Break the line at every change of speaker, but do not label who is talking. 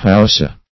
还要是。